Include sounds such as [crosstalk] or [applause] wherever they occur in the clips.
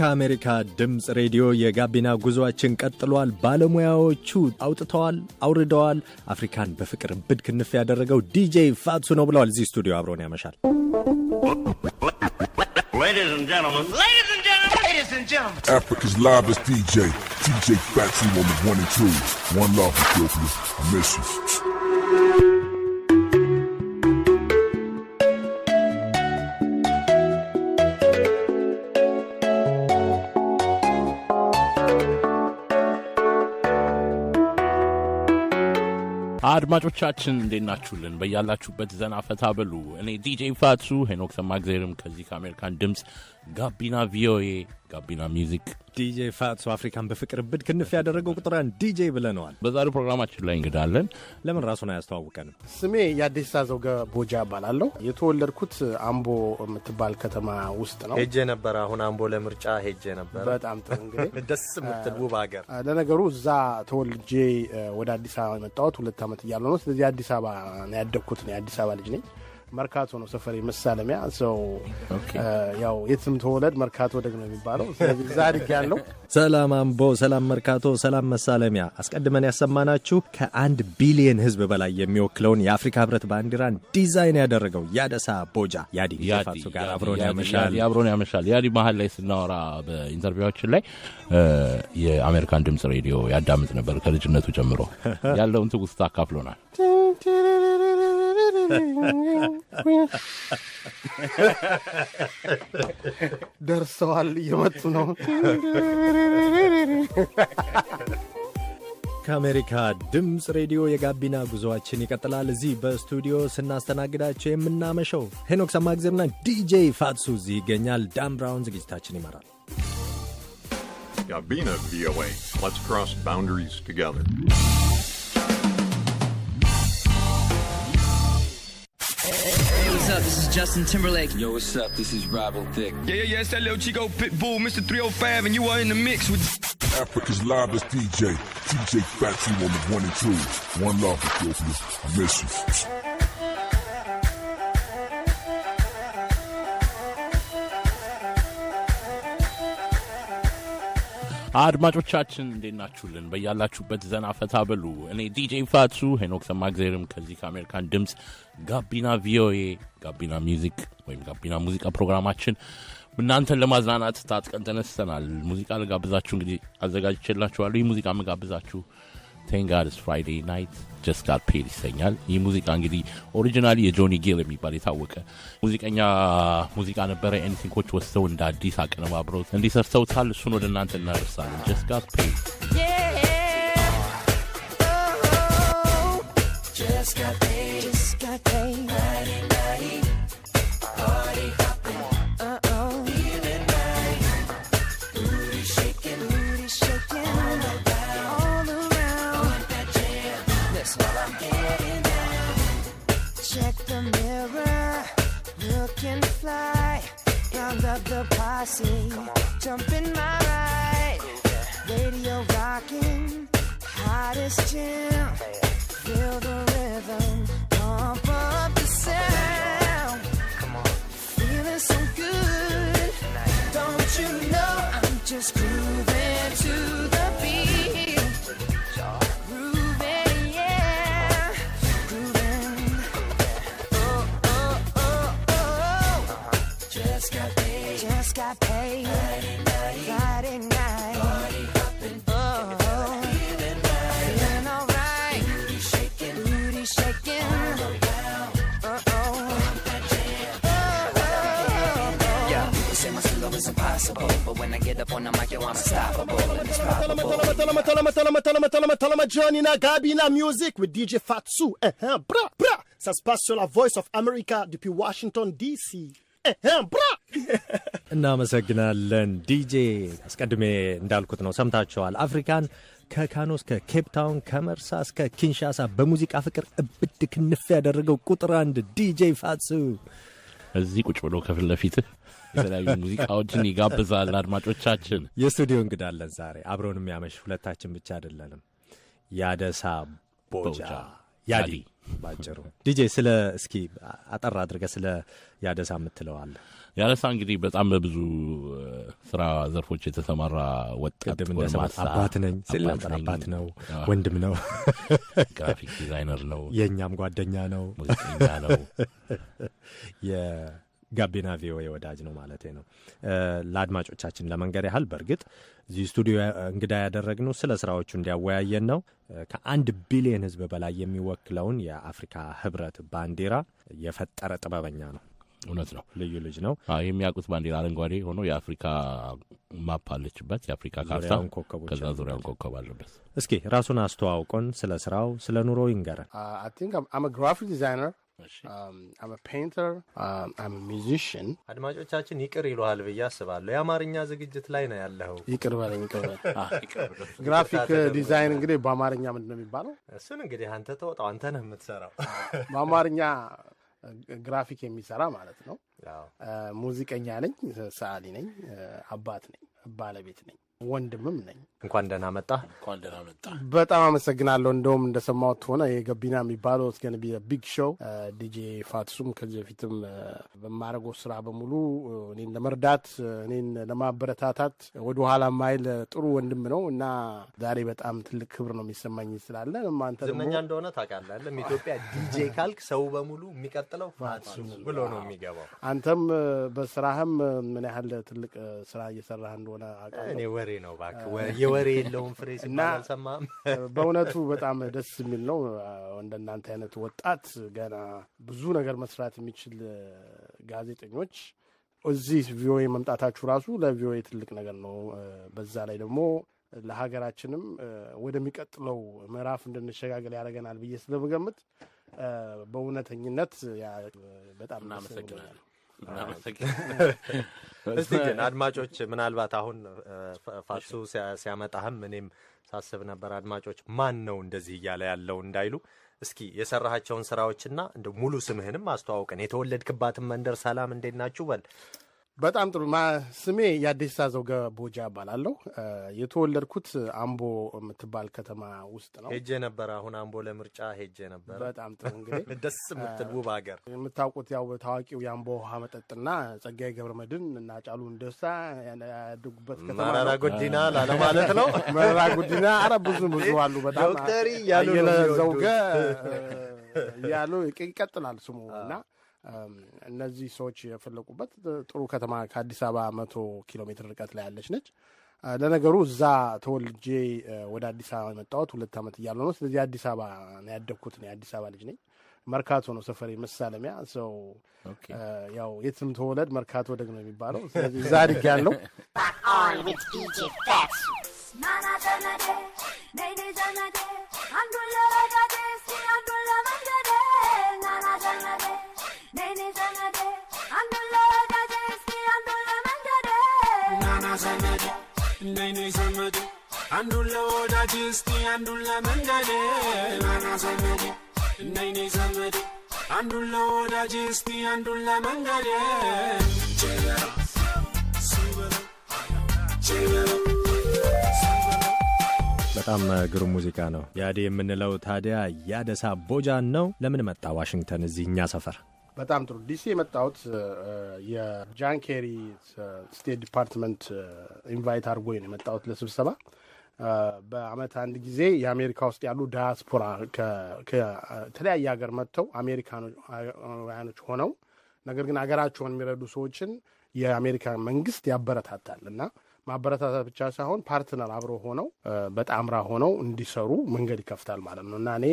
ከአሜሪካ ድምፅ ሬዲዮ የጋቢና ጉዞአችን ቀጥሏል። ባለሙያዎቹ አውጥተዋል፣ አውርደዋል። አፍሪካን በፍቅር ብድ ክንፍ ያደረገው ዲጄ ፋትሱ ነው ብለዋል። እዚህ ስቱዲዮ አብሮን ያመሻል። Africa's loudest DJ, DJ Fatsy on the one and two. One love, Ethiopia. I miss you. አድማጮቻችን እንዴት ናችሁልን? በያላችሁበት ዘና ፈታ በሉ። እኔ ዲጄ ፋቱ ሄኖክ ሰማግዜርም ከዚህ ከአሜሪካን ድምፅ ጋቢና ቪኦኤ ጋቢና ሚዚክ ዲጄ ፋትሶ አፍሪካን በፍቅር ብድ ክንፍ ያደረገው ቁጥር ዲጄ ብለነዋል። በዛሬው ፕሮግራማችን ላይ እንግዳለን። ለምን ራሱን አያስተዋውቀንም? ስሜ የአዲስ ዘውገ ቦጃ እባላለሁ። የተወለድኩት አምቦ የምትባል ከተማ ውስጥ ነው። ሄጄ ነበረ። አሁን አምቦ ለምርጫ ሄጄ ነበረ። በጣም ጥሩ እንግዲህ [laughs] ደስ የምትል ውብ ሀገር። ለነገሩ እዛ ተወልጄ ወደ አዲስ አበባ የመጣሁት ሁለት ዓመት እያለ ነው። ስለዚህ አዲስ አበባ ያደግኩት ነው። የአዲስ አበባ ልጅ ነኝ። መርካቶ ነው ሰፈሬ መሳለሚያ። ሰው uh, ያው የትም ተወለድ መርካቶ ደግሞ የሚባለው ስለዚህ እዛ አድጌያለሁ። ሰላም አምቦ፣ ሰላም መርካቶ፣ ሰላም መሳለሚያ። አስቀድመን ያሰማናችሁ ከአንድ ቢሊየን ህዝብ በላይ የሚወክለውን የአፍሪካ ህብረት ባንዲራን ዲዛይን ያደረገው ያደሳ ቦጃ ያዲ ፋሱ ጋር አብሮን ያመሻል አብሮን ያመሻል። ያዲ መሀል ላይ ስናወራ በኢንተርቪዋችን ላይ uh, የአሜሪካን ድምጽ ሬዲዮ ያዳምጥ ነበር ከልጅነቱ ጀምሮ [laughs] ያለውን ትውስታ አካፍሎናል። ደርሰዋል፣ እየመጡ ነው። ከአሜሪካ ድምፅ ሬዲዮ የጋቢና ጉዞአችን ይቀጥላል። እዚህ በስቱዲዮ ስናስተናግዳቸው የምናመሸው ሄኖክ ሰማግዜርና ዲጄ ፋትሱ እዚህ ይገኛል። ዳም ብራውን ዝግጅታችን ይመራል። ጋቢና ቪኦኤ ሌትስ ክሮስ ባውንደሪስ ቱጌዘር Hey, What's up? This is Justin Timberlake. Yo, what's up? This is Robin Thicke. Yeah, yeah, yeah. It's that little Chico Pitbull, Mr. 305, and you are in the mix with Africa's livest DJ, DJ Factory on the one and two. One love, I miss you. አድማጮቻችን እንዴት ናችሁልን? በያላችሁበት ዘና ፈታ በሉ። እኔ ዲጄ ፋቱ ሄኖክ ሰማእግዜርም ከዚህ ከአሜሪካን ድምፅ ጋቢና ቪኦኤ ጋቢና ሚዚክ ወይም ጋቢና ሙዚቃ ፕሮግራማችን እናንተን ለማዝናናት ታጥቀን ተነስተናል። ሙዚቃ ልጋብዛችሁ እንግዲህ አዘጋጅቼላችኋለሁ። ይህ ሙዚቃ መጋብዛችሁ ቴንጋርስ ፍራይዴ ናይት ጀስት ጋት ፔድ ይሰኛል። ይህ ሙዚቃ እንግዲህ ኦሪጂናሊ የጆኒ ጌል የሚባል የታወቀ ሙዚቀኛ ሙዚቃ ነበረ። ኤኒቲንኮች ወስደው እንደ አዲስ አቀነባብረውት እንዲሰርተውታል። እሱን ወደ እናንተ እናደርሳለን። ጀስት ጋት ፔድ Just got paid. Just got paid. I see. Jump in my ride. Radio rocking. Hottest jam. possible. But when I get up on the mic, yo, I'm unstoppable. And it's probable. Johnny na Gabina Music with DJ Fatsu. Eh, uh -huh, bra, bra. Ça se passe sur la Voice of America depuis Washington, D.C. እናመሰግናለን ዲጄ። አስቀድሜ እንዳልኩት ነው ሰምታችኋል። አፍሪካን ከካኖ እስከ ኬፕ ታውን ከመርሳ እስከ ኪንሻሳ በሙዚቃ ፍቅር እብድ ክንፍ ያደረገው ቁጥር አንድ ዲጄ ፋሱ እዚህ ቁጭ ብሎ ከፊት ለፊትህ የተለያዩ ሙዚቃዎችን ይጋብዛል። አድማጮቻችን የስቱዲዮ እንግዳለን ዛሬ አብረውን የሚያመሽ ሁለታችን ብቻ አይደለንም። ያደሳ ቦጃ ያዲ ባጭሩ ዲጄ ስለ እስኪ አጠር አድርገ ስለ ያደሳ የምትለዋለ ያደሳ እንግዲህ በጣም በብዙ ስራ ዘርፎች የተሰማራ ወጣት አባት ነኝ አባት ነው፣ ወንድም ነው፣ [laughs] ግራፊክ ዲዛይነር ነው፣ የእኛም ጓደኛ ነው፣ ሙዚቀኛ ነው። [laughs] ጋቢና ቪኦኤ ወዳጅ ነው ማለት ነው። ለአድማጮቻችን ለመንገድ ያህል በእርግጥ እዚህ ስቱዲዮ እንግዳ ያደረግነው ስለ ስራዎቹ እንዲያወያየን ነው። ከአንድ ቢሊዮን ህዝብ በላይ የሚወክለውን የአፍሪካ ህብረት ባንዲራ የፈጠረ ጥበበኛ ነው። እውነት ነው። ልዩ ልጅ ነው። የሚያውቁት ባንዲራ አረንጓዴ ሆኖ የአፍሪካ ማፕ አለችበት፣ የአፍሪካ ካርታ፣ ከዛ ዙሪያውን ኮከብ አለበት። እስኪ ራሱን አስተዋውቆን ስለ ስራው ስለ ኑሮ ይንገረን። አይ ግራፊክ ዲዛይነር Um, um, አድማጮቻችን ይቅር ይለሃል ብዬ አስባለሁ። የአማርኛ ዝግጅት ላይ ነው ያለው። ይቅር በለኝ ይቅር በለኝ። ግራፊክ [laughs] ዲዛይን እንግዲህ በአማርኛ ምንድን ነው የሚባለው? እሱን እንግዲህ አንተ ተወጣው፣ አንተ ነህ የምትሰራው [laughs] በአማርኛ ግራፊክ የሚሰራ ማለት ነው። uh, ሙዚቀኛ ነኝ፣ ሰዓሊ ነኝ፣ አባት ነኝ፣ ባለቤት ነኝ። ወንድምም ነኝ። እንኳን ደህና መጣ። እንኳን ደህና መጣ። በጣም አመሰግናለሁ። እንደውም እንደሰማሁት ሆነ የገቢና የሚባለው ገን ቢግ ሾው ዲጄ ፋትሱም ከዚህ በፊትም uh, በማድረገው ስራ በሙሉ uh, እኔን ለመርዳት uh, እኔን ለማበረታታት ወደ ኋላ ማይል ጥሩ ወንድም ነው እና ዛሬ በጣም ትልቅ ክብር ነው የሚሰማኝ ስላለ አንተ ዝነኛ እንደሆነ ታውቃለህ። ኢትዮጵያ ዲጄ ካልክ ሰው በሙሉ የሚቀጥለው ፋትሱ ብሎ ነው የሚገባው። አንተም በስራህም ምን ያህል ትልቅ ስራ እየሰራህ እንደሆነ አውቃለሁ። ወሬ ነው እባክህ፣ የወሬ የለውም ፍሬ ሲባል [laughs] በእውነቱ በጣም ደስ የሚል ነው። እንደናንተ አይነት ወጣት ገና ብዙ ነገር መስራት የሚችል ጋዜጠኞች እዚህ ቪኦኤ መምጣታችሁ ራሱ ለቪኦኤ ትልቅ ነገር ነው። በዛ ላይ ደግሞ ለሀገራችንም ወደሚቀጥለው ምዕራፍ እንድንሸጋገል ያደርገናል ብዬ ስለምገምት በእውነተኝነት በጣም እናመሰግናለን። እስቲ ግን አድማጮች ምናልባት አሁን ፋሱ ሲያመጣህም እኔም ሳስብ ነበር አድማጮች ማን ነው እንደዚህ እያለ ያለው እንዳይሉ እስኪ የሰራሃቸውን ስራዎችና እንደ ሙሉ ስምህንም አስተዋውቀን የተወለድክባትን መንደር ሰላም እንዴት ናችሁ በል በጣም ጥሩ። ስሜ የአዲስ ዘውገ ቦጃ እባላለሁ። የተወለድኩት አምቦ የምትባል ከተማ ውስጥ ነው። ሄጄ ነበር። አሁን አምቦ ለምርጫ ሄጄ ነበር። በጣም ጥሩ። እንግዲህ [laughs] ደስ የምትል ውብ ሀገር የምታውቁት ያው ታዋቂው የአምቦ ውሃ መጠጥና ጸጋዬ መድን እና ጫሉ እንደሳ ያደጉበት ከተማ መራራ ጉዲና ላለማለት ነው። [laughs] መራራ ጉዲና፣ አረ ብዙ ብዙ አሉ። በጣም ዶክተር ያሉ ዘውገ [laughs] ያሉ ይቀጥላል ስሙ እና እነዚህ ሰዎች የፈለቁበት ጥሩ ከተማ ከአዲስ አበባ መቶ ኪሎ ሜትር ርቀት ላይ ያለች ነች። ለነገሩ እዛ ተወልጄ ወደ አዲስ አበባ የመጣሁት ሁለት ዓመት እያለ ነው። ስለዚህ አዲስ አበባ ነው ያደግኩት። ነው አዲስ አበባ ልጅ ነኝ። መርካቶ ነው ሰፈሬ፣ መሳለሚያ ሰው ያው የትም ተወለድ መርካቶ ደግ ነው የሚባለው። ስለዚህ እዛ አድጌያለሁ። አንዱን ለወዳጅ እስቲ አንዱን ለመንገድ ናና ዘመድ እነይኔ ዘመድ አንዱን ለወዳጅ እስቲ አንዱን ለመንገድ በጣም ግሩም ሙዚቃ ነው። ያዴ የምንለው ታዲያ ያደሳ ቦጃን ነው። ለምን መጣ ዋሽንግተን እዚህ እኛ ሰፈር? በጣም ጥሩ ዲሲ የመጣሁት የጃን ኬሪ ስቴት ዲፓርትመንት ኢንቫይት አድርጎኝ ነው የመጣሁት ለስብሰባ። በአመት አንድ ጊዜ የአሜሪካ ውስጥ ያሉ ዳያስፖራ ከተለያየ ሀገር መጥተው አሜሪካኖች ሆነው ነገር ግን ሀገራቸውን የሚረዱ ሰዎችን የአሜሪካ መንግስት ያበረታታል እና ማበረታታት ብቻ ሳይሆን ፓርትነር አብሮ ሆነው በጣምራ ሆነው እንዲሰሩ መንገድ ይከፍታል ማለት ነው እና እኔ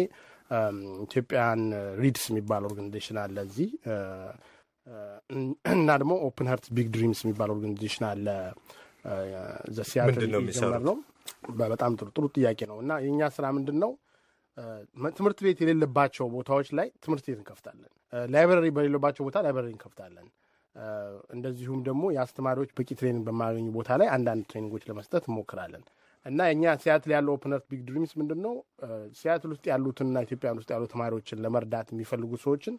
ኢትዮጵያን ሪድስ የሚባል ኦርጋኒዜሽን አለ እዚህ እና ደግሞ ኦፕን ሀርት ቢግ ድሪምስ የሚባል ኦርጋኒዜሽን አለ ዘሲያትል ነው በጣም ጥሩ ጥሩ ጥያቄ ነው እና የእኛ ስራ ምንድን ነው? ትምህርት ቤት የሌለባቸው ቦታዎች ላይ ትምህርት ቤት እንከፍታለን። ላይብረሪ በሌለባቸው ቦታ ላይብረሪ እንከፍታለን። እንደዚሁም ደግሞ የአስተማሪዎች በቂ ትሬኒንግ በማገኙ ቦታ ላይ አንዳንድ ትሬኒንጎች ለመስጠት እንሞክራለን እና የእኛ ሲያትል ያለው ኦፕን ቢግ ድሪምስ ምንድን ነው? ሲያትል ውስጥ ያሉትንና ኢትዮጵያ ውስጥ ያሉ ተማሪዎችን ለመርዳት የሚፈልጉ ሰዎችን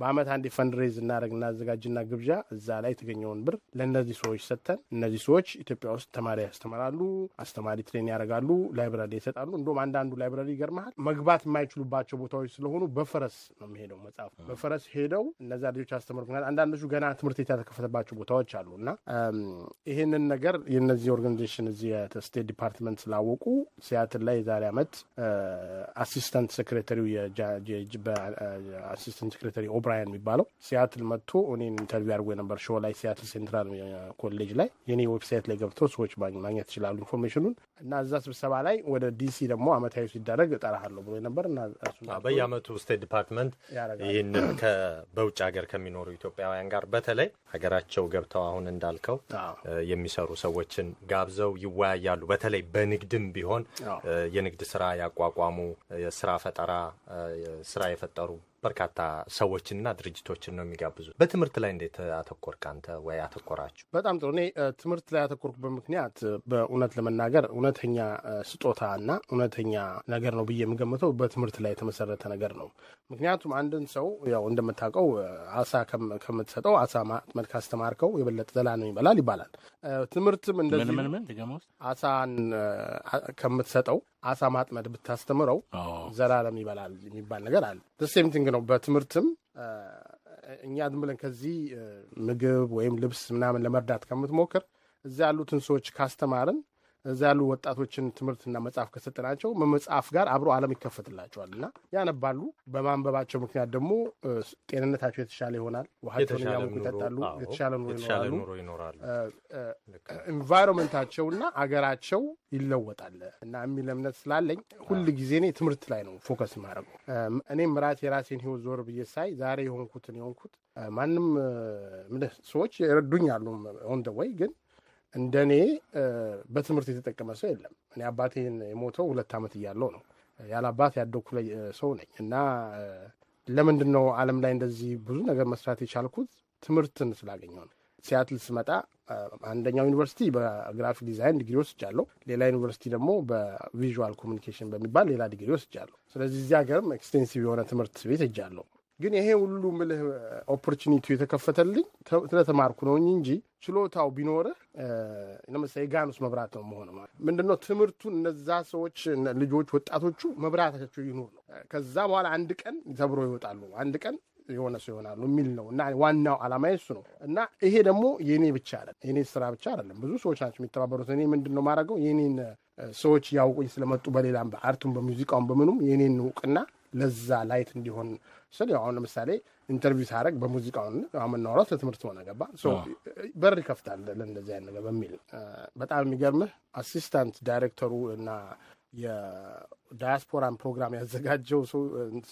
በአመት አንድ ፈንድሬዝ እናደረግ እናዘጋጅና ግብዣ እዛ ላይ የተገኘውን ብር ለእነዚህ ሰዎች ሰጥተን እነዚህ ሰዎች ኢትዮጵያ ውስጥ ተማሪ ያስተምራሉ፣ አስተማሪ ትሬን ያደርጋሉ፣ ላይብራሪ ይሰጣሉ። እንዲሁም አንዳንዱ ላይብራሪ ይገርመሃል መግባት የማይችሉባቸው ቦታዎች ስለሆኑ በፈረስ ነው የሚሄደው መጽሐፍ በፈረስ ሄደው እነዛ ልጆች አስተምር ምክንያት አንዳንዶቹ ገና ትምህርት ቤት ያልተከፈተባቸው ቦታዎች አሉ እና ይህንን ነገር የነዚህ ኦርጋኒዜሽን እዚህ ስቴት ዲፓርትመንት ስላወቁ ሲያትል ላይ የዛሬ ዓመት አሲስታንት ሴክሬታሪው አሲስታንት ሴክሬታሪ ኦብራያን የሚባለው ሲያትል መጥቶ እኔን ኢንተርቪው አድርጎ የነበር ሾው ላይ ሲያትል ሴንትራል ኮሌጅ ላይ የኔ ዌብሳይት ላይ ገብተው ሰዎች ማግኘት ይችላሉ ኢንፎርሜሽኑን እና እዛ ስብሰባ ላይ ወደ ዲሲ ደግሞ አመታዊ ሲደረግ እጠራሃለሁ ብሎ ነበር እና በየአመቱ ስቴት ዲፓርትመንት ይህንን በውጭ ሀገር ከሚኖሩ ኢትዮጵያውያን ጋር በተለይ ሀገራቸው ገብተው አሁን እንዳልከው የሚሰሩ ሰዎችን ጋብዘው ይወያያሉ። በተለይ በንግድም ቢሆን የንግድ ስራ ያቋቋሙ የስራ ፈጠራ ስራ የፈጠሩ በርካታ ሰዎችንና ድርጅቶችን ነው የሚጋብዙት። በትምህርት ላይ እንዴት አተኮርክ አንተ ወይ አተኮራችሁ? በጣም ጥሩ። እኔ ትምህርት ላይ ያተኮርኩበት ምክንያት በእውነት ለመናገር እውነተኛ ስጦታ እና እውነተኛ ነገር ነው ብዬ የምገምተው በትምህርት ላይ የተመሰረተ ነገር ነው። ምክንያቱም አንድን ሰው ያው እንደምታውቀው አሳ ከምትሰጠው አሳ ማጥመድ ካስተማርከው የበለጠ ዘላ ነው ይበላል ይባላል። ትምህርትም እንደዚህ አሳን ከምትሰጠው አሳ ማጥመድ ብታስተምረው ዘላለም ይበላል የሚባል ነገር አለ። ሴምቲንግ ነው። በትምህርትም እኛ ዝም ብለን ከዚህ ምግብ ወይም ልብስ ምናምን ለመርዳት ከምትሞክር እዚያ ያሉትን ሰዎች ካስተማርን እዛ ያሉ ወጣቶችን ትምህርትና መጽሐፍ ከሰጠናቸው መጽሐፍ ጋር አብሮ ዓለም ይከፈትላቸዋል እና ያነባሉ። በማንበባቸው ምክንያት ደግሞ ጤንነታቸው የተሻለ ይሆናል። ውሃቸውን እያሞቁ ይጠጣሉ። የተሻለ ኑሮ ይኖራሉ። እና አገራቸው ይለወጣል እና የሚል እምነት ስላለኝ ሁል ጊዜ እኔ ትምህርት ላይ ነው ፎከስ ማድረገው። እኔም ራሴ የራሴን ህይወት ዞር ብዬ ሳይ ዛሬ የሆንኩትን የሆንኩት ማንም ሰዎች ይረዱኛሉ ኦን ደ ወይ ግን እንደ እኔ በትምህርት የተጠቀመ ሰው የለም። እኔ አባቴን የሞተው ሁለት ዓመት እያለው ነው። ያለ አባት ያደኩ ሰው ነኝ እና ለምንድን ነው ዓለም ላይ እንደዚህ ብዙ ነገር መስራት የቻልኩት ትምህርትን ስላገኘው ነው። ሲያትል ስመጣ አንደኛው ዩኒቨርሲቲ በግራፊክ ዲዛይን ዲግሪ ወስጃለሁ። ሌላ ዩኒቨርሲቲ ደግሞ በቪዥዋል ኮሚኒኬሽን በሚባል ሌላ ዲግሪ ወስጃለሁ። ስለዚህ እዚህ ሀገርም ኤክስቴንሲቭ የሆነ ትምህርት ቤት እጃለሁ። ግን ይሄ ሁሉ ምልህ ኦፖርቹኒቲ የተከፈተልኝ ስለተማርኩ ነው እንጂ ችሎታው ቢኖርህ ለምሳሌ ጋኑስ መብራት ነው መሆን ማለት ምንድነው? ትምህርቱን እነዛ ሰዎች ልጆች፣ ወጣቶቹ መብራታቸው ይኖር ነው። ከዛ በኋላ አንድ ቀን ተብሮ ይወጣሉ። አንድ ቀን የሆነ ሰው ይሆናሉ የሚል ነው እና ዋናው አላማ እሱ ነው እና ይሄ ደግሞ የእኔ ብቻ አለ የእኔ ስራ ብቻ አይደለም። ብዙ ሰዎች ናቸው የሚተባበሩት። እኔ ምንድን ነው ማድረገው የኔን ሰዎች እያውቁኝ ስለመጡ በሌላም በአርቱም በሙዚቃውም በምኑም የእኔን እውቅና ለዛ ላይት እንዲሆን ስል አሁን ለምሳሌ ኢንተርቪው ሳደርግ በሙዚቃ አሁን የምናወራው ለትምህርት ሆነ ገባ በር ይከፍታል ለእንደዚህ አይነት ነገር በሚል በጣም የሚገርምህ አሲስታንት ዳይሬክተሩ እና የዳያስፖራን ፕሮግራም ያዘጋጀው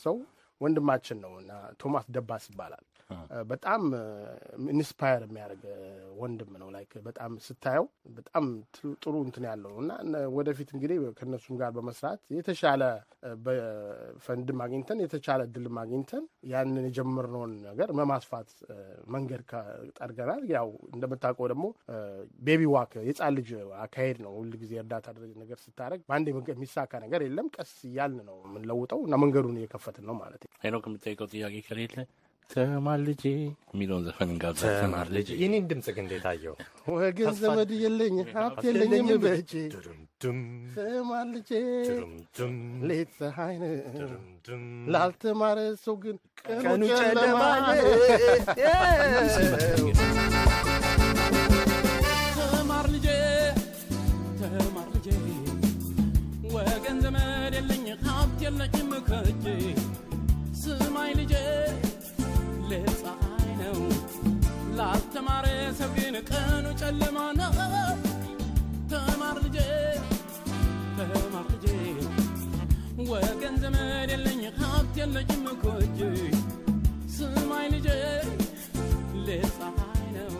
ሰው ወንድማችን ነው እና ቶማስ ደባስ ይባላል በጣም ኢንስፓየር የሚያደርግ ወንድም ነው። ላይክ በጣም ስታየው በጣም ጥሩ እንትን ያለው እና ወደፊት እንግዲህ ከእነሱም ጋር በመስራት የተሻለ በፈንድ ማግኝተን የተሻለ ድል ማግኝተን ያንን የጀመርነውን ነገር በማስፋት መንገድ ጠርገናል። ያው እንደምታውቀው ደግሞ ቤቢ ዋክ የህፃን ልጅ አካሄድ ነው። ሁልጊዜ እርዳታ ነገር ስታደረግ በአንድ የሚሳካ ነገር የለም። ቀስ እያልን ነው የምንለውጠው እና መንገዱን እየከፈትን ነው ማለት ነው። ሄኖክ የምጠይቀው ጥያቄ ከሌለ ተማር ልጄ የሚለውን ዘፈን እንጋብዛለን። የኔን ድምፅ ግን እንደታየው ወገን ዘመድ የለኝ ሀብት የለኝም በእጄ ተማር ልጄ ሌት ፀሐይን ላልተማረ ሰው ግን ቀኑ ጨለማ ተማር ልጄ ተማር ልጄ ወገን ዘመድ የለኝ ሀብት የለኝም ከእጄ ስማይ ልጄ ልብ ፀሐይ ነው። ላልተማረ ሰው ግን ቀኑ ጨለማ ነው። ተማር ልጄ ተማር ልጄ፣ ወገን ዘመድ የለኝ ሀብት የለኝም እኮ እጄ። ስማኝ ልጄ ልብ ነው።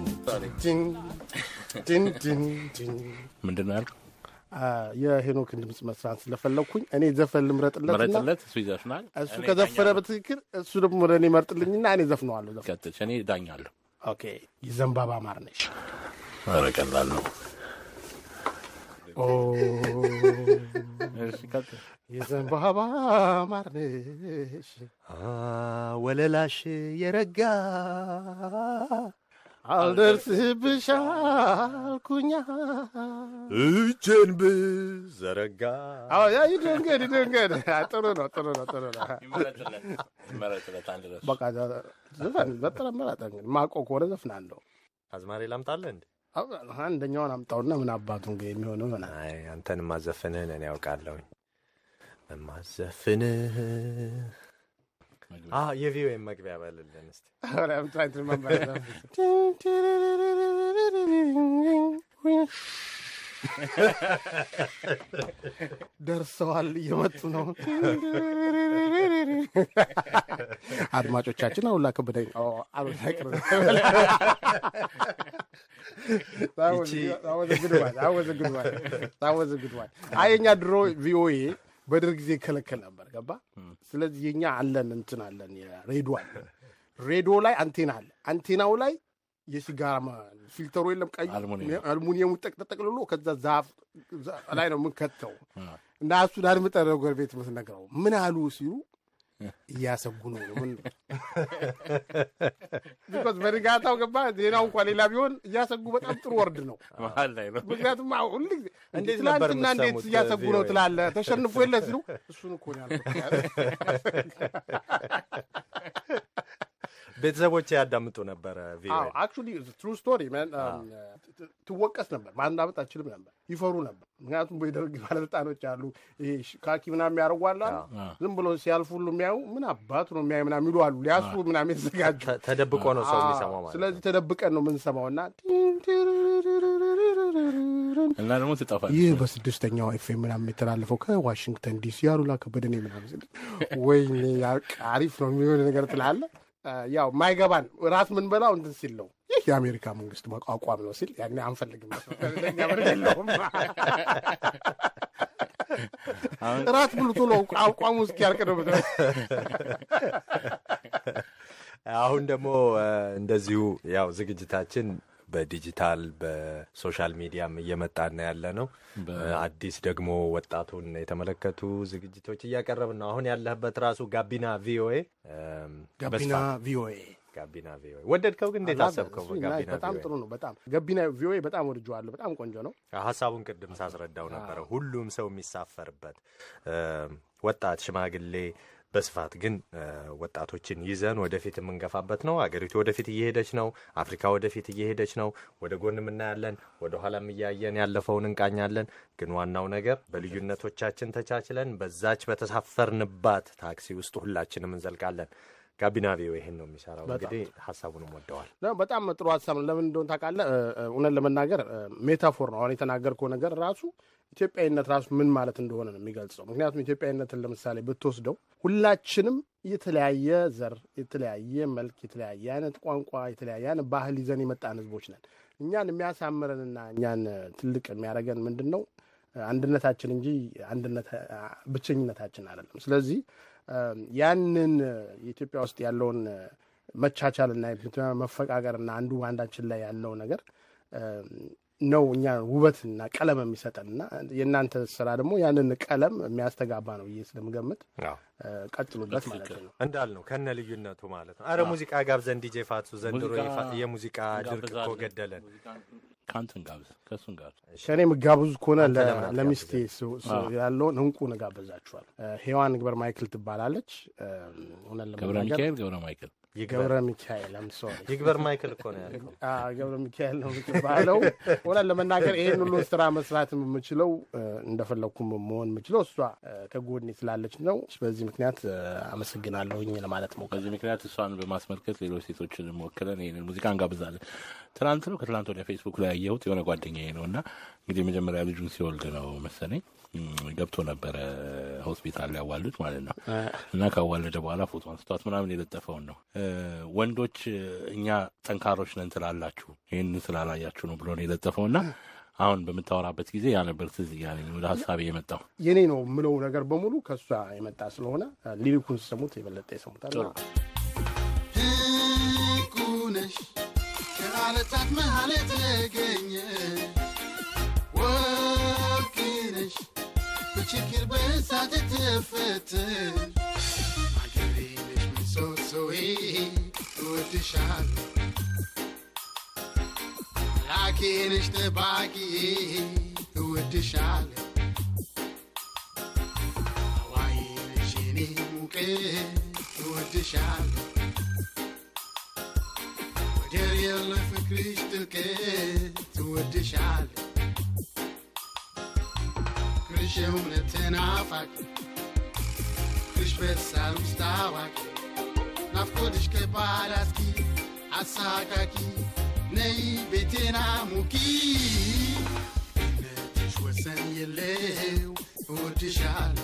ምንድን ነው ያልኩት? የሄኖክን ድምፅ መስራት ስለፈለግኩኝ እኔ ዘፈን ልምረጥለትለት እሱ ይዘፍናል። እሱ ከዘፈነ በትክክል እሱ ደግሞ ወደ እኔ መርጥልኝና እኔ ዘፍነዋለሁ። ቀጥች እኔ ዳኛለሁ። ኦኬ የዘንባባ ማር ነች። ኧረ ቀላል ነው። የዘንባባ ማር ነሽ ወለላሽ የረጋ አልደርስብሽ አልኩኛ እጄን ብዘረጋ። አይ ድንገድ ይደንገድ። ጥሩ ነው ጥሩ ነው ጥሩ ነው። በቃ ዘፈን በጥረ መረጠ። ማቆ ከሆነ ዘፍናለሁ። አዝማሪ ላምጣለ እንዴ? አንደኛውን አምጣውና ምን አባቱ እንግዲህ የሚሆነው ይሆናል። አንተን ማዘፍንህን እኔ ያውቃለሁኝ ማዘፍንህ መግቢያ የቪኦኤም መግቢያ በልልን እስኪ። ደርሰዋል፣ እየመጡ ነው። አድማጮቻችን አሁላ ከበደኝ አብናቅር አይ የኛ ድሮ ቪኦኤ በደርግ ጊዜ ይከለከል ነበር። ገባ። ስለዚህ የኛ አለን እንትን አለን፣ ሬዲዮ አለ። ሬዲዮ ላይ አንቴና አለ። አንቴናው ላይ የሲጋራ ፊልተሩ የለም፣ ቀይ አልሙኒየሙ ጠቅጠቅልሎ ከዛ ዛፍ ላይ ነው የምንከተው እና እሱን አድምጠን ነው ጎረቤት የምትነግረው። ምን አሉ ሲሉ እያሰጉ ነው። ምን ቢኮዝ [laughs] በንጋታው ገባ ዜናው እንኳ ሌላ ቢሆን እያሰጉ በጣም ጥሩ ወርድ ነው። ምክንያቱም ሁሉ ጊዜ ትላንትና እንዴት እያሰጉ ነው ትላለህ፣ ተሸንፎ የለ ሲሉ እሱን እኮ ያልኩት [laughs] [laughs] ቤተሰቦች ያዳምጡ ነበረ። አክቹዋሊ ትሩ ስቶሪ ትወቀስ ነበር። ማዳመጥ አችልም ነበር፣ ይፈሩ ነበር። ምክንያቱም በደርግ ባለስልጣኖች አሉ ካኪ ምናምን የሚያደርጉ ዝም ብሎ ሲያልፉ ሁሉ የሚያዩ ምን አባቱ ነው የሚያዩ ምናምን ይሉ አሉ። ሊያስሩ ምናምን የተዘጋጁ ተደብቆ ነው ሰው የሚሰማው ማለት። ስለዚህ ተደብቀን ነው የምንሰማው እና እና ደግሞ ትጠፋል። ይህ በስድስተኛው ኤፍኤም ምናምን የተላለፈው ከዋሽንግተን ዲሲ አሉላ ከበደኔ ምናምን ወይ አሪፍ ነው የሚሆን ነገር ትላለህ ያው ማይገባን ራስ ምን በላው እንትን ሲል ነው ይህ የአሜሪካ መንግስት መቋቋም ነው ሲል ያኔ አንፈልግም የለውም ራት ብሉ ቶሎ አቋሙ እስኪያልቅ ነው። አሁን ደግሞ እንደዚሁ ያው ዝግጅታችን በዲጂታል በሶሻል ሚዲያም እየመጣና ያለ ነው። አዲስ ደግሞ ወጣቱን የተመለከቱ ዝግጅቶች እያቀረብን ነው። አሁን ያለህበት ራሱ ጋቢና ቪኦኤ ጋቢና ቪኦኤ ጋቢና ቪኦኤ ወደድከው? ግን እንዴት አሰብከው? በጣም ጥሩ ነው። በጣም ጋቢና ቪኦኤ በጣም ወድጀዋለሁ። በጣም ቆንጆ ነው። ሀሳቡን ቅድም ሳስረዳው ነበረ። ሁሉም ሰው የሚሳፈርበት ወጣት፣ ሽማግሌ በስፋት ግን ወጣቶችን ይዘን ወደፊት የምንገፋበት ነው። አገሪቱ ወደፊት እየሄደች ነው። አፍሪካ ወደፊት እየሄደች ነው። ወደ ጎንም እናያለን፣ ወደ ኋላም እያየን ያለፈውን እንቃኛለን። ግን ዋናው ነገር በልዩነቶቻችን ተቻችለን በዛች በተሳፈርንባት ታክሲ ውስጥ ሁላችንም እንዘልቃለን። ጋቢና ቪኦኤ ይህን ነው የሚሰራው። እንግዲህ ሀሳቡንም ወደዋል። በጣም ጥሩ ሀሳብ ለምን እንደሆን ታውቃለህ? እውነት ለመናገር ሜታፎር ነው አሁን የተናገርከው ነገር ራሱ ኢትዮጵያዊነት ራሱ ምን ማለት እንደሆነ ነው የሚገልጸው። ምክንያቱም ኢትዮጵያዊነትን ለምሳሌ ብትወስደው ሁላችንም የተለያየ ዘር፣ የተለያየ መልክ፣ የተለያየ አይነት ቋንቋ፣ የተለያየ አይነት ባህል ይዘን የመጣን ህዝቦች ነን። እኛን የሚያሳምረንና እኛን ትልቅ የሚያደርገን ምንድን ነው? አንድነታችን እንጂ ብቸኝነታችን አይደለም። ስለዚህ ያንን የኢትዮጵያ ውስጥ ያለውን መቻቻልና መፈቃቀርና አንዱ አንዳችን ላይ ያለው ነገር ነው እኛ ውበትና ቀለም የሚሰጠን እና የእናንተ ስራ ደግሞ ያንን ቀለም የሚያስተጋባ ነው ብዬ ስለምገምት ቀጥሉበት ማለት ነው። እንዳል ነው ከነ ልዩነቱ ማለት ነው። አረ ሙዚቃ ጋብዘን ዲጄ ፋቱ ዘንድሮ የሙዚቃ ድርቅ እኮ ገደለን። ከአንተን ጋብዝ፣ ከእሱን ጋብዝ። ከእኔ ምጋብዙ ከሆነ ለሚስቴ ያለውን እንቁ ንጋበዛችኋል። ሄዋን ግብረ ማይክል ትባላለች። ገብረ ሚካኤል ገብረ ማይክል ገብረ ሚካኤል አምሶ ይግበር ማይክል እኮ ነው ያለው። [laughs] ገብረ ሚካኤል ነው የምትባለው። እውነት ለመናገር ይሄን ሁሉ ስራ መስራት የምችለው እንደፈለግኩም መሆን የምችለው እሷ ከጎኔ ስላለች ነው። በዚህ ምክንያት አመሰግናለሁኝ ለማለት ነው። በዚህ ምክንያት እሷን በማስመልከት ሌሎች ሴቶችን ወክለን ይህንን ሙዚቃ እንጋብዛለን። ትናንት ነው ከትላንት ወደ ፌስቡክ ላይ ያየሁት የሆነ ጓደኛዬ ነው እና እንግዲህ የመጀመሪያ ልጁን ሲወልድ ነው መሰለኝ ገብቶ ነበረ ሆስፒታል ሊያዋልድ ማለት ነው እና ካዋለደ በኋላ ፎቶ አንስቷት ምናምን የለጠፈውን ነው ወንዶች እኛ ጠንካሮች ነን ትላላችሁ፣ ይህን ስላላያችሁ ነው ብሎ ነው የለጠፈው እና አሁን በምታወራበት ጊዜ ያ ነበር ትዝ እያለኝ ወደ ሀሳቤ የመጣው የኔ ነው የምለው ነገር በሙሉ ከእሷ የመጣ ስለሆነ ሊሪኩን ስሰሙት የበለጠ ይሰሙታል። ህጉነሽ ከአለታት መሀል ተገኘ ወርቅነሽ በችግር በእሳት ተፈትን gut schan la kin ist der bagi gut schan muke gut schan der ihr lauf für christ ke gut schan krische um den tenafak krisch afkodish ke baraski asakaki nei betena muki netishwe senyeleu utishal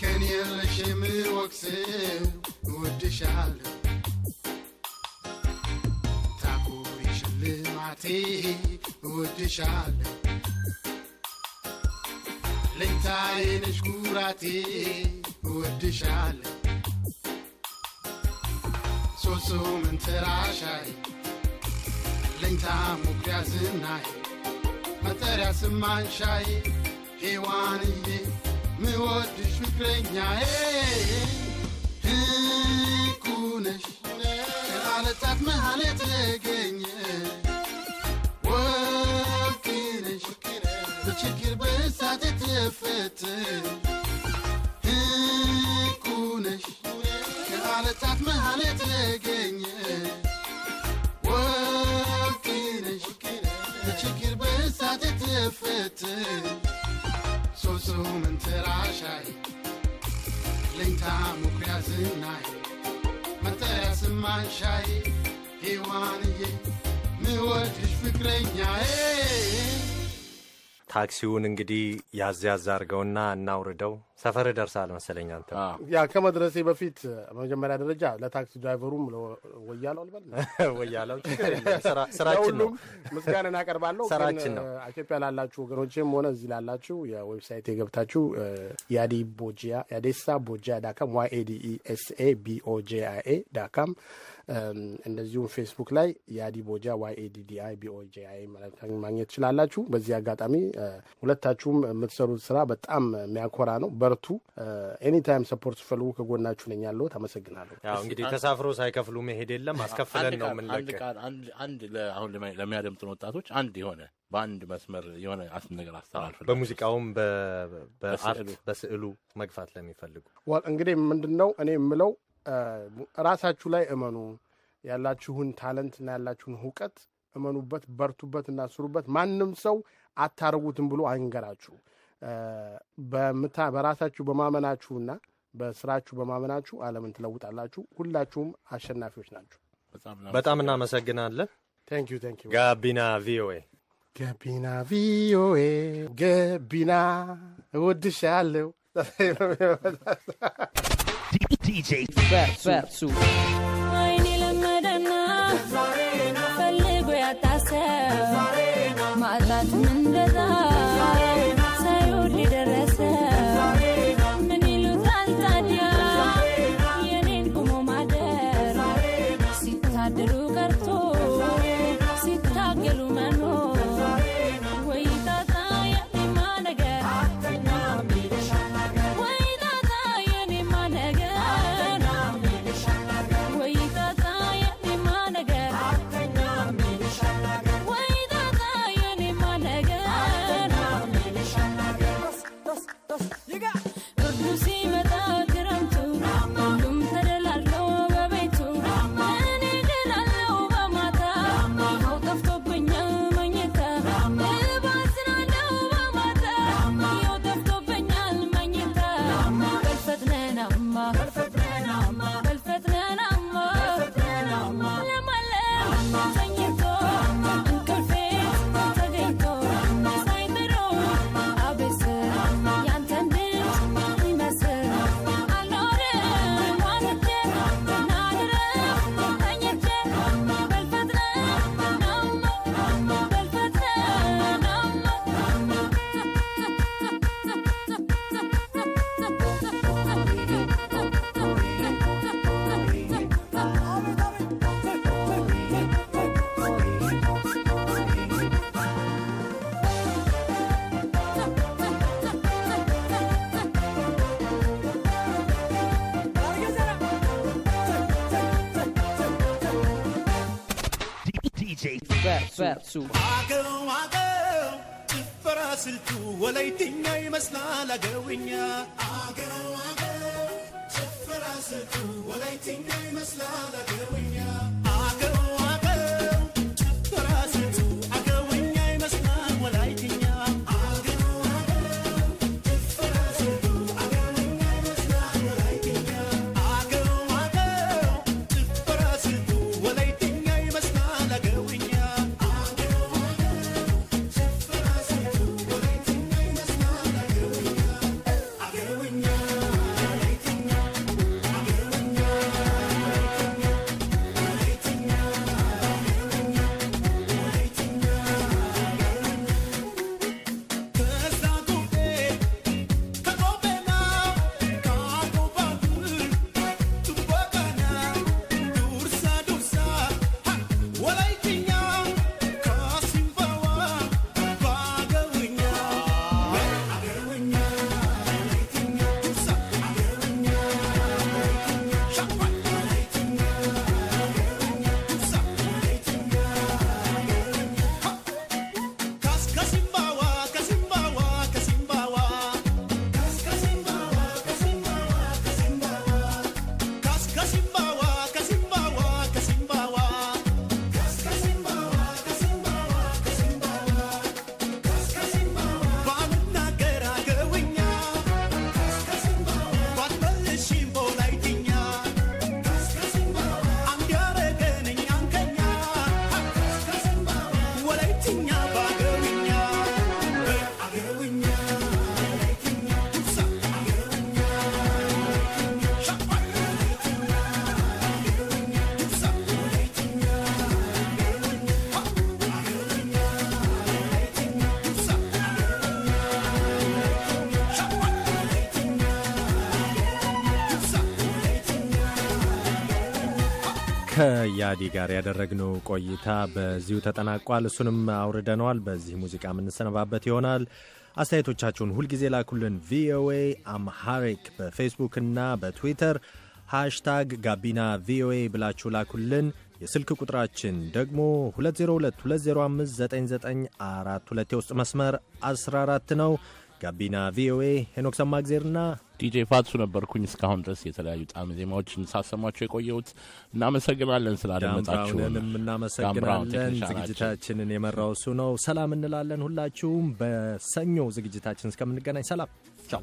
kenyele shemi wakseu utishal takurishele mati utishal لنتاين شكوراتي ودشالك ሶሱ ምንትራሻይ ለኝታ ሙኩሪያ ዝናይ መጠሪያ ስማንሻይ ሔዋንዬ ምወድሽ ፍቅረኛዬ ህኩነሽ ከአለታት መሃል ተገኘ ወርቅነሽ በችግር በሳት የተፈተ የመርታት መሃሌት ለገኘ ወርቅነሽ በችግር በእሳት የተፈተን ሶሱ መንተራሻይ ለኝታ መኩሪያ ዝናይ መጠሪያ ስማሻይ ሔዋንዬ ምወድሽ ፍቅረኛዬ ታክሲውን እንግዲህ ያዝ ያዝ አርገውና እናውርደው ሰፈር ደርሰሃል መሰለኝ። አንተ ያ ከመድረሴ በፊት መጀመሪያ ደረጃ ለታክሲ ድራይቨሩም ወያለው ልበል [laughs] ወያለው ስራችን ነው [laughs] ምስጋናን አቀርባለሁ። ስራችን ነው። ኢትዮጵያ ላላችሁ ወገኖችም ሆነ እዚህ ላላችሁ የዌብሳይት የገብታችሁ ያዴሳ ቦጂያ ዳካም ዋይ ኤ ዲ ኢ ኤስ ኤ ቢ ኦ ጄ አይ ኤ ዳካም እንደዚሁም ፌስቡክ ላይ የአዲ የአዲቦጃ ዋይኤዲዲአይ ቢኦጄአይ ማግኘት ትችላላችሁ። በዚህ አጋጣሚ ሁለታችሁም የምትሰሩት ስራ በጣም የሚያኮራ ነው። በርቱ። ኤኒታይም ሰፖርት ፈልጉ፣ ከጎናችሁ ነኝ ያለሁት። አመሰግናለሁ። እንግዲህ ተሳፍሮ ሳይከፍሉ መሄድ የለም። አስከፍለን ነው የምንለቅ። አንድ አሁን ለሚያደምጡን ወጣቶች አንድ የሆነ በአንድ መስመር የሆነ አስ ነገር አስተላልፍ በሙዚቃውም በአርት በስዕሉ መግፋት ለሚፈልጉ እንግዲህ ምንድን ነው እኔ የምለው ራሳችሁ ላይ እመኑ። ያላችሁን ታለንትና ያላችሁን እውቀት እመኑበት፣ በርቱበት እና ስሩበት። ማንም ሰው አታርጉትም ብሎ አይንገራችሁ። በራሳችሁ በማመናችሁና በስራችሁ በማመናችሁ ዓለምን ትለውጣላችሁ። ሁላችሁም አሸናፊዎች ናችሁ። በጣም እናመሰግናለን። ጋቢና ቪኦኤ ገቢና ቪኦኤ ገቢና እወድሻለሁ። [laughs] DJ ፈርሱ አይኔ ለመደና ፈልጎ ያታሰብ ማጣትም Perfect man, Amma. በእርሱ ስልቱ ወላይትኛ ይመስላል አገውኛ አገው አገው ጭፈራ ስልቱ ወላይትኛ ይመስላል አገውኛ ከያዲ ጋር ያደረግነው ቆይታ በዚሁ ተጠናቋል። እሱንም አውርደነዋል። በዚህ ሙዚቃ የምንሰነባበት ይሆናል። አስተያየቶቻችሁን ሁልጊዜ ላኩልን። ቪኦኤ አምሃሪክ በፌስቡክ እና በትዊተር ሃሽታግ ጋቢና ቪኦኤ ብላችሁ ላኩልን። የስልክ ቁጥራችን ደግሞ 2022059942 የውስጥ መስመር 14 ነው። ጋቢና ቪኦኤ ሄኖክ ሰማእግዜርና ዲጄ ፋትሱ ነበርኩኝ። እስካሁን ድረስ የተለያዩ ጣም ዜማዎችን ሳሰማቸው የቆየሁት። እናመሰግናለን ስላደመጣችሁንም እናመሰግናለን። ዝግጅታችንን የመራው እሱ ነው። ሰላም እንላለን ሁላችሁም። በሰኞ ዝግጅታችን እስከምንገናኝ ሰላም ቻው።